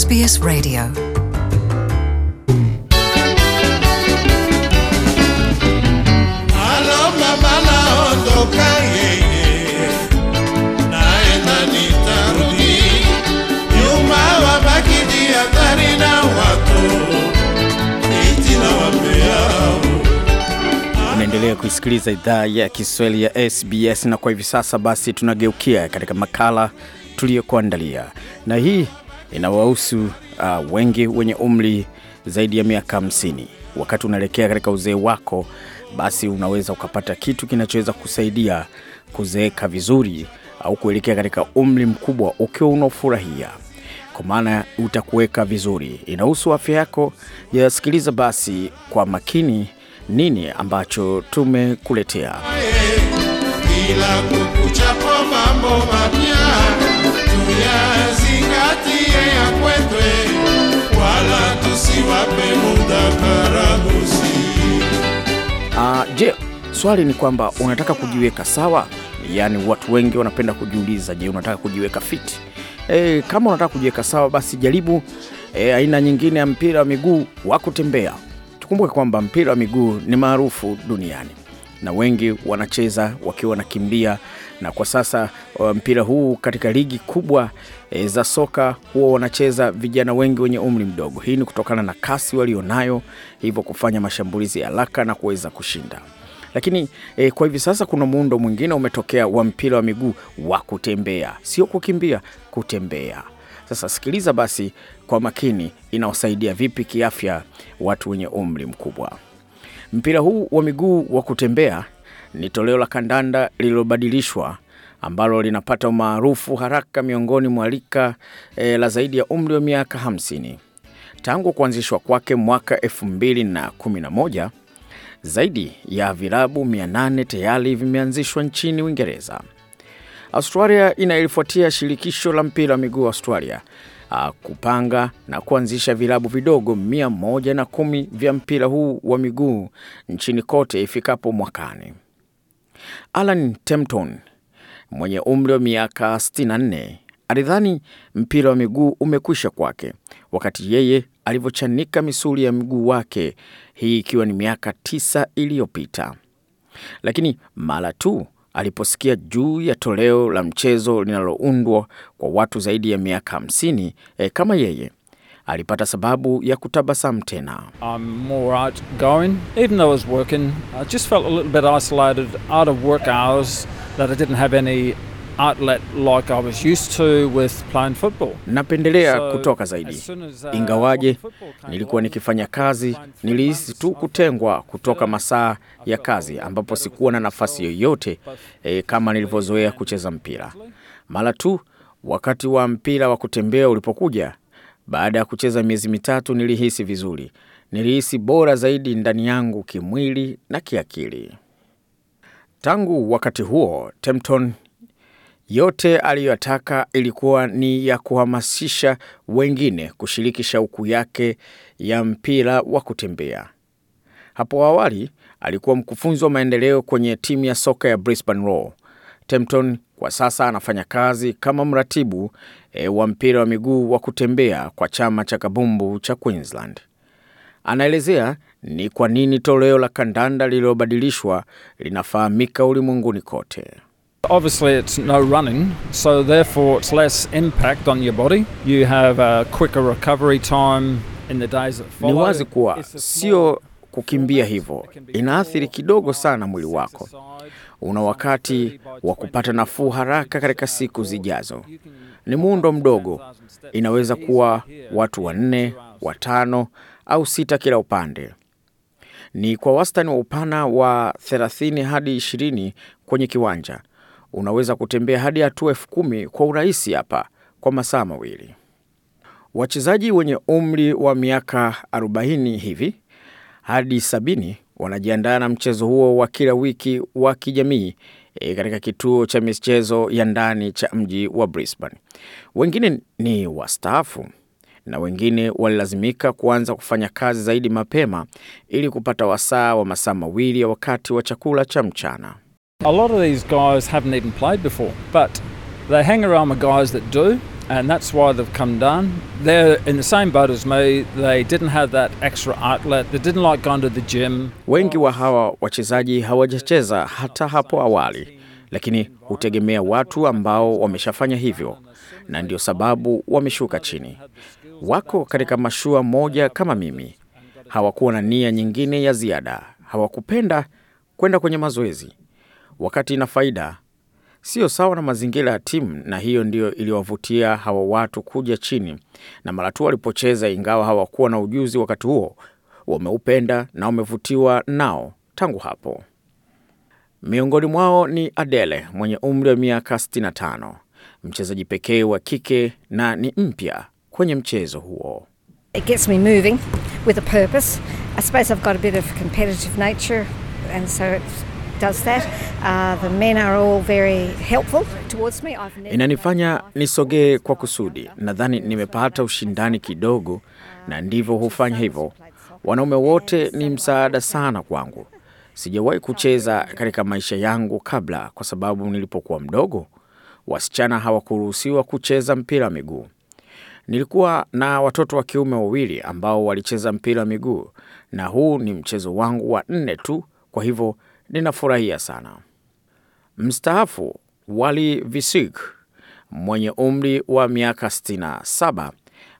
SBS Radio Unaendelea kuisikiliza idhaa ya Kiswahili ya SBS na kwa hivi sasa basi tunageukia katika makala tuliyokuandalia na hii inawahusu uh, wengi wenye umri zaidi ya miaka 50. Wakati unaelekea katika uzee wako, basi unaweza ukapata kitu kinachoweza kusaidia kuzeeka vizuri au kuelekea katika umri mkubwa ukiwa unaofurahia, kwa maana utakuweka vizuri. Inahusu afya yako. Yasikiliza basi kwa makini nini ambacho tumekuletea bila kukuchapo mambo mapya swali ni kwamba unataka kujiweka sawa. Yaani watu wengi wanapenda kujiuliza, je, unataka kujiweka fiti? E, kama unataka kujiweka sawa, basi jaribu e, aina nyingine ya mpira wa miguu wa kutembea. Tukumbuke kwamba mpira wa miguu ni maarufu duniani na wengi wanacheza wakiwa wanakimbia, na kwa sasa e, mpira huu katika ligi kubwa e, za soka huwa wanacheza vijana wengi wenye umri mdogo. Hii ni kutokana na kasi walionayo, hivyo kufanya mashambulizi ya haraka na kuweza kushinda. Lakini e, kwa hivi sasa kuna muundo mwingine umetokea wa mpira wa miguu wa kutembea, sio kukimbia, kutembea. Sasa sikiliza basi kwa makini, inaosaidia vipi kiafya watu wenye umri mkubwa. Mpira huu wa miguu wa kutembea ni toleo la kandanda lililobadilishwa ambalo linapata umaarufu haraka miongoni mwa rika e, la zaidi ya umri wa miaka 50. Tangu kuanzishwa kwake mwaka 2011 zaidi ya vilabu 800 tayari vimeanzishwa nchini Uingereza. Australia inalifuatia shirikisho la mpira wa miguu Australia ah, kupanga na kuanzisha vilabu vidogo 110 vya mpira huu wa miguu nchini kote ifikapo mwakani. Alan Tempton mwenye umri wa miaka 64 alidhani mpira wa miguu umekwisha kwake, wakati yeye alivyochanika misuli ya mguu wake, hii ikiwa ni miaka tisa iliyopita. Lakini mara tu aliposikia juu ya toleo la mchezo linaloundwa kwa watu zaidi ya miaka hamsini e, kama yeye alipata sababu ya kutabasamu tena outlet like I was used to with playing football. Napendelea kutoka zaidi uh, ingawaje nilikuwa nikifanya kazi, nilihisi tu kutengwa uh, kutoka masaa ya kazi ambapo sikuwa na nafasi yoyote e, kama nilivyozoea kucheza mpira. Mara tu wakati wa mpira wa kutembea ulipokuja, baada ya kucheza miezi mitatu, nilihisi vizuri. Nilihisi bora zaidi ndani yangu kimwili na kiakili. Tangu wakati huo Tempton yote aliyoyataka ilikuwa ni ya kuhamasisha wengine kushiriki shauku yake ya mpira wa kutembea. Hapo awali alikuwa mkufunzi wa maendeleo kwenye timu ya soka ya Brisbane Roar. Tempton kwa sasa anafanya kazi kama mratibu e, wa mpira wa miguu wa kutembea kwa chama cha kabumbu cha Queensland. Anaelezea ni kwa nini toleo la kandanda lililobadilishwa linafahamika ulimwenguni kote. Obviously, it's no running, so therefore, it's less impact on your body. You have a quicker recovery time in the days that follow. Ni wazi kuwa sio kukimbia hivyo, inaathiri kidogo sana mwili wako. Una wakati wa kupata nafuu haraka katika siku zijazo. Ni muundo mdogo, inaweza kuwa watu wanne, watano au sita kila upande. Ni kwa wastani wa upana wa 30 hadi 20 kwenye kiwanja unaweza kutembea hadi hatua elfu kumi kwa urahisi hapa kwa masaa mawili. Wachezaji wenye umri wa miaka 40 hivi hadi 70 wanajiandaa na mchezo huo wa kila wiki wa kijamii e, katika kituo cha michezo ya ndani cha mji wa Brisbane. Wengine ni wastaafu na wengine walilazimika kuanza kufanya kazi zaidi mapema ili kupata wasaa wa masaa mawili ya wakati wa chakula cha mchana. A lot of these guys haven't even played before, but they hang around with guys that do, and that's why they've come down. They're in the same boat as me. They didn't have that extra outlet. They didn't like going to the gym. Wengi wa hawa wachezaji hawajacheza hata hapo awali, lakini hutegemea watu ambao wameshafanya hivyo, na ndio sababu wameshuka chini. Wako katika mashua moja kama mimi. Hawakuwa na nia nyingine ya ziada, hawakupenda kwenda kwenye mazoezi wakati ina faida, sio sawa na mazingira ya timu, na hiyo ndiyo iliwavutia hawa watu kuja chini, na mara tu walipocheza, ingawa hawakuwa na ujuzi wakati huo, wameupenda na wamevutiwa nao tangu hapo. Miongoni mwao ni Adele mwenye umri wa miaka 65, mchezaji pekee wa kike na ni mpya kwenye mchezo huo. It gets me moving with a purpose. I suppose I've got a bit of competitive nature and so it's Inanifanya nisogee kwa kusudi. Nadhani nimepata ushindani kidogo, na ndivyo hufanya hivyo. Wanaume wote ni msaada sana kwangu. Sijawahi kucheza katika maisha yangu kabla, kwa sababu nilipokuwa mdogo wasichana hawakuruhusiwa kucheza mpira wa miguu. Nilikuwa na watoto wa kiume wawili ambao walicheza mpira wa miguu, na huu ni mchezo wangu wa nne tu, kwa hivyo ninafurahia sana. Mstaafu Wali Visig mwenye umri wa miaka 67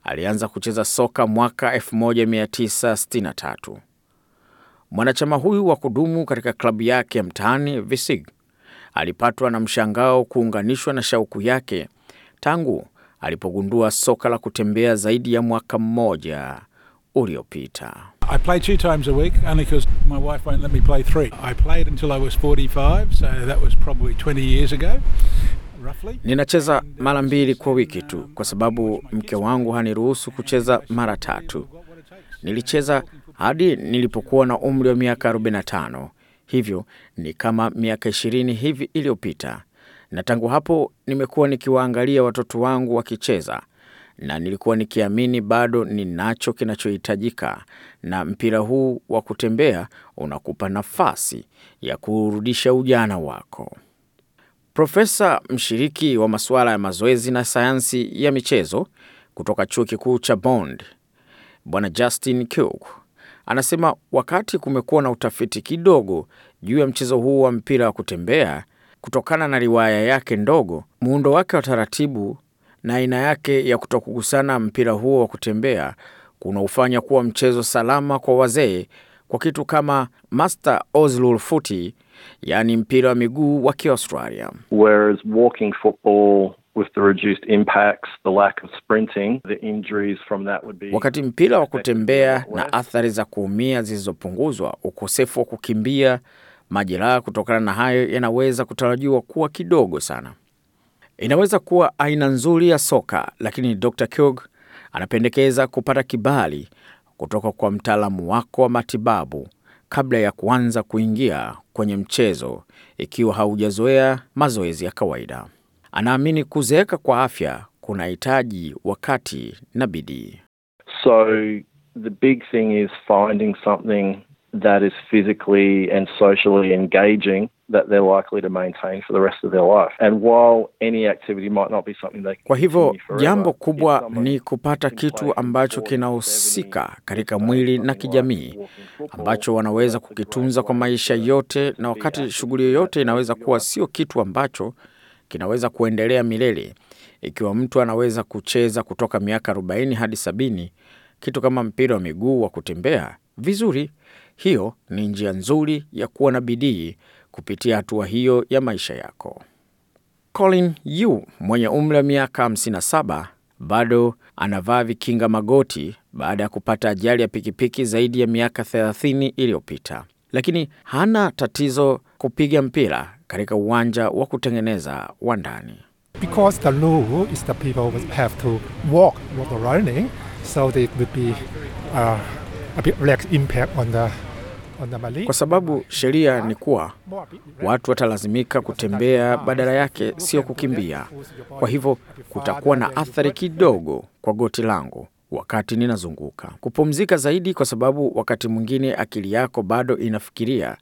alianza kucheza soka mwaka 1963. Mwanachama huyu wa kudumu katika klabu yake mtaani, Visig alipatwa na mshangao kuunganishwa na shauku yake tangu alipogundua soka la kutembea zaidi ya mwaka mmoja uliopita. I play two times a week only because my wife won't let me play three. I played until I was 45, so that was probably 20 years ago. Ninacheza uh, mara mbili kwa wiki tu kwa sababu mke wangu haniruhusu kucheza mara tatu. Nilicheza hadi nilipokuwa na umri wa miaka 45, hivyo ni kama miaka 20 hivi iliyopita, na tangu hapo nimekuwa nikiwaangalia watoto wangu wakicheza na nilikuwa nikiamini bado ninacho kinachohitajika, na mpira huu wa kutembea unakupa nafasi ya kurudisha ujana wako. Profesa mshiriki wa masuala ya mazoezi na sayansi ya michezo kutoka chuo kikuu cha Bond, Bwana Justin Cook anasema wakati kumekuwa na utafiti kidogo juu ya mchezo huu wa mpira wa kutembea, kutokana na riwaya yake ndogo, muundo wake wa taratibu na aina yake ya kutokugusana mpira huo wa kutembea kunaufanya kuwa mchezo salama kwa wazee kwa kitu kama Master oslul futi yaani mpira wa miguu wa Kiaustralia. Wakati mpira wa kutembea na athari za kuumia zilizopunguzwa, ukosefu wa kukimbia, majeraha kutokana na hayo yanaweza kutarajiwa kuwa kidogo sana. Inaweza kuwa aina nzuri ya soka, lakini Dr Kyog anapendekeza kupata kibali kutoka kwa mtaalamu wako wa matibabu kabla ya kuanza kuingia kwenye mchezo ikiwa haujazoea mazoezi ya kawaida. Anaamini kuzeeka kwa afya kunahitaji wakati na bidii. So the big thing is finding something that is physically and socially engaging kwa hivyo jambo kubwa ni kupata kitu ambacho kinahusika katika mwili na kijamii, ambacho wanaweza kukitunza kwa maisha yote, na wakati shughuli yoyote inaweza kuwa sio kitu ambacho kinaweza kuendelea milele. Ikiwa mtu anaweza kucheza kutoka miaka 40 hadi 70 kitu kama mpira wa miguu wa kutembea vizuri, hiyo ni njia nzuri ya kuwa na bidii kupitia hatua hiyo ya maisha yako. Colin Yu mwenye umri wa miaka 57 bado anavaa vikinga magoti baada ya kupata ajali ya pikipiki zaidi ya miaka 30 iliyopita, lakini hana tatizo kupiga mpira katika uwanja wa kutengeneza wa ndani. So kwa sababu sheria ni kuwa watu watalazimika kutembea badala yake, sio kukimbia. Kwa hivyo kutakuwa na athari kidogo kwa goti langu wakati ninazunguka, kupumzika zaidi, kwa sababu wakati mwingine akili yako bado inafikiria.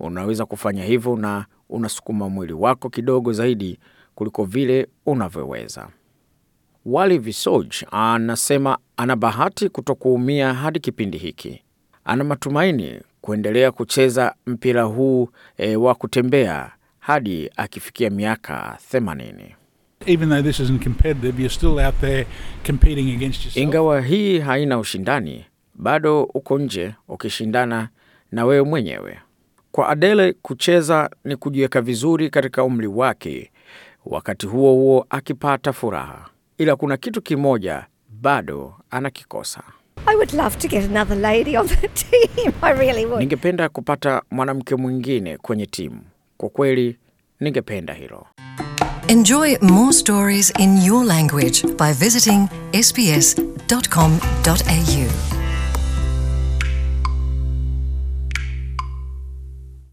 Unaweza kufanya hivyo na unasukuma mwili wako kidogo zaidi kuliko vile unavyoweza. Wali Visoj anasema ana bahati kutokuumia hadi kipindi hiki. Ana matumaini kuendelea kucheza mpira huu e, wa kutembea hadi akifikia miaka 80. Ingawa hii haina ushindani, bado uko nje ukishindana na wewe mwenyewe. Kwa Adele, kucheza ni kujiweka vizuri katika umri wake, wakati huo huo akipata furaha, ila kuna kitu kimoja bado anakikosa. I would love to get another lady on the team. I really would. Ningependa kupata mwanamke mwingine kwenye timu. Kwa kweli ningependa hilo. Enjoy more stories in your language by visiting sbs.com.au.